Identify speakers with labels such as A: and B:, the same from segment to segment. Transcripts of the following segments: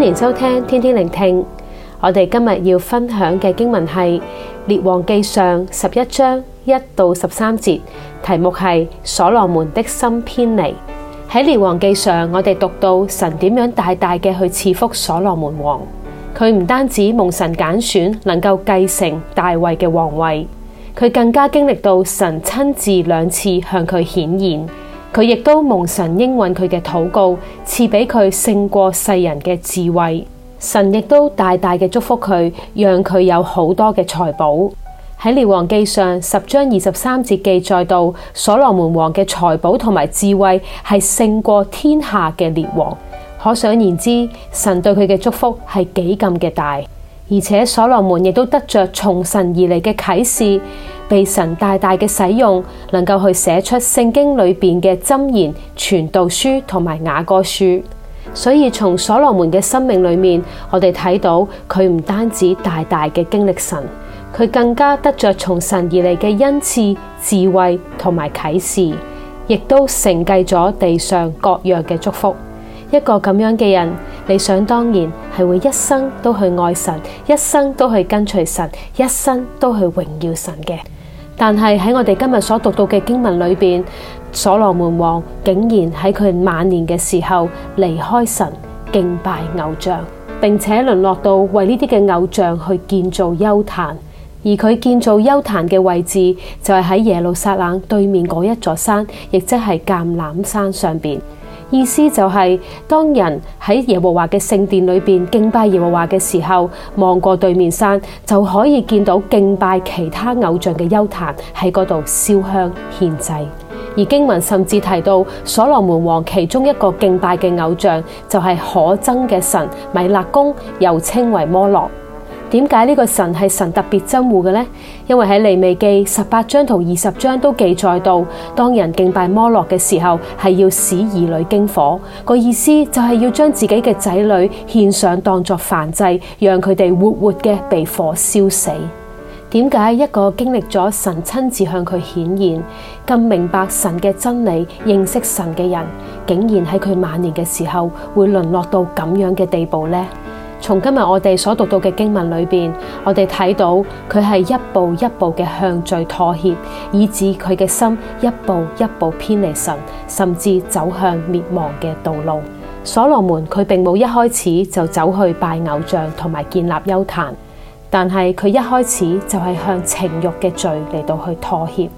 A: 歡迎收聽，天天聆聽。我哋今日要分享嘅經文係《列王記上》十一章一到十三節，題目係所羅門的心偏離。喺《列王記上》，我哋讀到神點樣大大嘅去賜福所羅門王，佢唔單止蒙神揀選，能夠繼承大衛嘅皇位，佢更加經歷到神親自兩次向佢顯現。佢亦都蒙神應允佢嘅禱告，賜畀佢勝過世人嘅智慧。神亦都大大嘅祝福佢，讓佢有好多嘅財寶。喺列王記上十章二十三節記載到，所羅門王嘅財寶同埋智慧係勝過天下嘅列王。可想而知，神對佢嘅祝福係幾咁嘅大。而且所羅門亦都得着從神而嚟嘅啟示，被神大大嘅使用，能夠去寫出聖經裏邊嘅箴言、傳道書同埋雅歌書。所以從所羅門嘅生命裏面，我哋睇到佢唔單止大大嘅經歷神，佢更加得着從神而嚟嘅恩賜、智慧同埋啟示，亦都承繼咗地上各樣嘅祝福。一個咁樣嘅人。理所當然係會一生都去愛神，一生都去跟隨神，一生都去榮耀神嘅。但係喺我哋今日所讀到嘅經文裏邊，所羅門王竟然喺佢晚年嘅時候離開神，敬拜偶像，並且淪落到為呢啲嘅偶像去建造邱壇。而佢建造邱壇嘅位置就係喺耶路撒冷對面嗰一座山，亦即係橄欖山上邊。意思就係當人喺耶和華嘅聖殿裏面敬拜耶和華嘅時候，望過對面山就可以見到敬拜其他偶像嘅邱壇，喺嗰度燒香獻祭。而經文甚至提到，所羅門王其中一個敬拜嘅偶像就係可憎嘅神米勒公，又稱為摩洛。點解呢個神係神特別憎惡嘅呢？因為喺利未記十八章同二十章都記載到，當人敬拜摩洛嘅時候，係要使兒女經火。個意思就係要將自己嘅仔女獻上當作燔祭，讓佢哋活活嘅被火燒死。點解一個經歷咗神親自向佢顯現、更明白神嘅真理、認識神嘅人，竟然喺佢晚年嘅時候會淪落到咁樣嘅地步呢？從今日我哋所讀到嘅經文裏邊，我哋睇到佢係一步一步嘅向罪妥協，以致佢嘅心一步一步偏離神，甚至走向滅亡嘅道路。所羅門佢並冇一開始就走去拜偶像同埋建立邱壇，但係佢一開始就係向情慾嘅罪嚟到去妥協。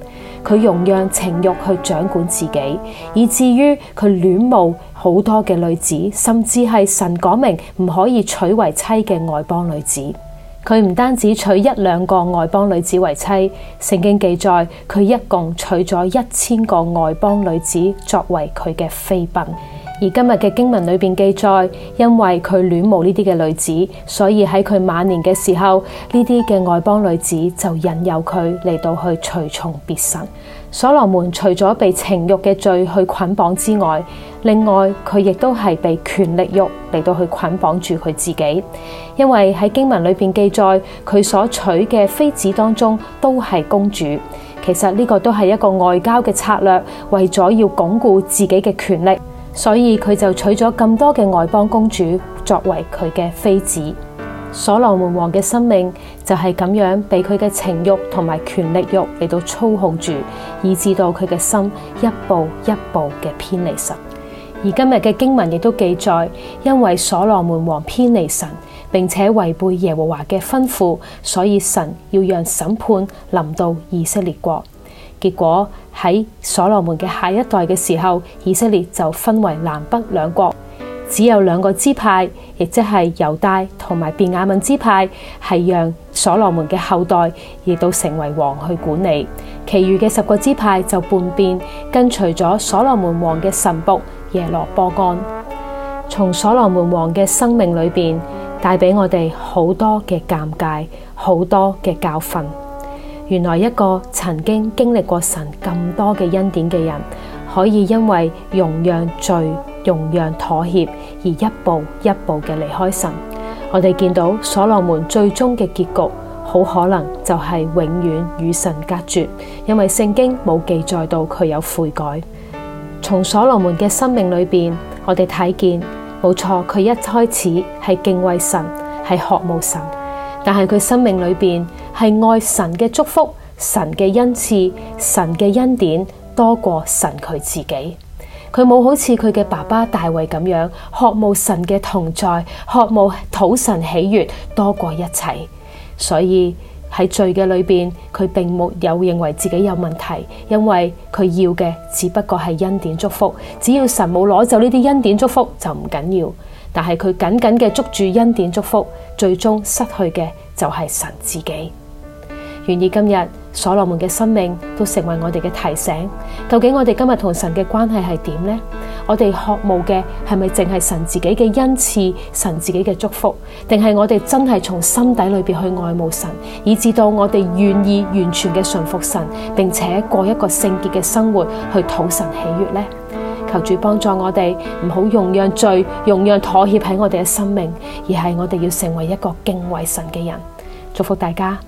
A: 佢容讓情慾去掌管自己，以至於佢戀慕好多嘅女子，甚至係神講明唔可以娶為妻嘅外邦女子。佢唔單止娶一兩個外邦女子為妻，聖經記載佢一共娶咗一千個外邦女子作為佢嘅妃嬪。而今日嘅經文裏面記載，因為佢戀慕呢啲嘅女子，所以喺佢晚年嘅時候，呢啲嘅外邦女子就引誘佢嚟到去隨從別神。所羅門除咗被情欲嘅罪去捆綁之外，另外佢亦都係被權力欲嚟到去捆綁住佢自己。因為喺經文裏面記載，佢所娶嘅妃子當中都係公主，其實呢個都係一個外交嘅策略，為咗要鞏固自己嘅權力。所以佢就娶咗咁多嘅外邦公主作為佢嘅妃子。所羅門王嘅生命就係咁樣，俾佢嘅情欲同埋權力欲嚟到操控住，以致到佢嘅心一步一步嘅偏離神。而今日嘅經文亦都記載，因為所羅門王偏離神，並且違背耶和華嘅吩咐，所以神要讓審判臨到以色列國。結果喺所羅門嘅下一代嘅時候，以色列就分為南北兩國，只有兩個支派，亦即係猶大同埋便雅憫支派，係讓所羅門嘅後代亦都成為王去管理，其餘嘅十個支派就叛變跟隨咗所羅門王嘅神僕耶羅波安。從所羅門王嘅生命裏邊帶俾我哋好多嘅鑒誡，好多嘅教訓。原來一個曾經經歷過神咁多嘅恩典嘅人，可以因為容讓罪、容讓妥協而一步一步嘅離開神。我哋見到所羅門最終嘅結局，好可能就係永遠與神隔絕，因為聖經冇記載到佢有悔改。從所羅門嘅生命裏邊，我哋睇見，冇錯，佢一開始係敬畏神，係渴慕神，但係佢生命裏邊。係愛神嘅祝福、神嘅恩賜、神嘅恩典多過神佢自己，佢冇好似佢嘅爸爸大衛咁樣渴慕神嘅同在，渴慕討神喜悅多過一切。所以喺罪嘅裏邊，佢並沒有認為自己有問題，因為佢要嘅只不過係恩典祝福，只要神冇攞走呢啲恩典祝福就唔緊要，要。但係佢緊緊嘅捉住恩典祝福，最終失去嘅就係神自己。願意今日所羅門嘅生命，都成為我哋嘅提醒。究竟我哋今日同神嘅關係係點呢？我哋渴慕嘅係咪淨係神自己嘅恩賜、神自己嘅祝福，定係我哋真係從心底裏面去愛慕神，以致到我哋願意完全嘅順服神，並且過一個聖潔嘅生活去討神喜悅呢？求主幫助我哋，唔好容讓罪、容讓妥協喺我哋嘅生命，而係我哋要成為一個敬畏神嘅人。祝福大家。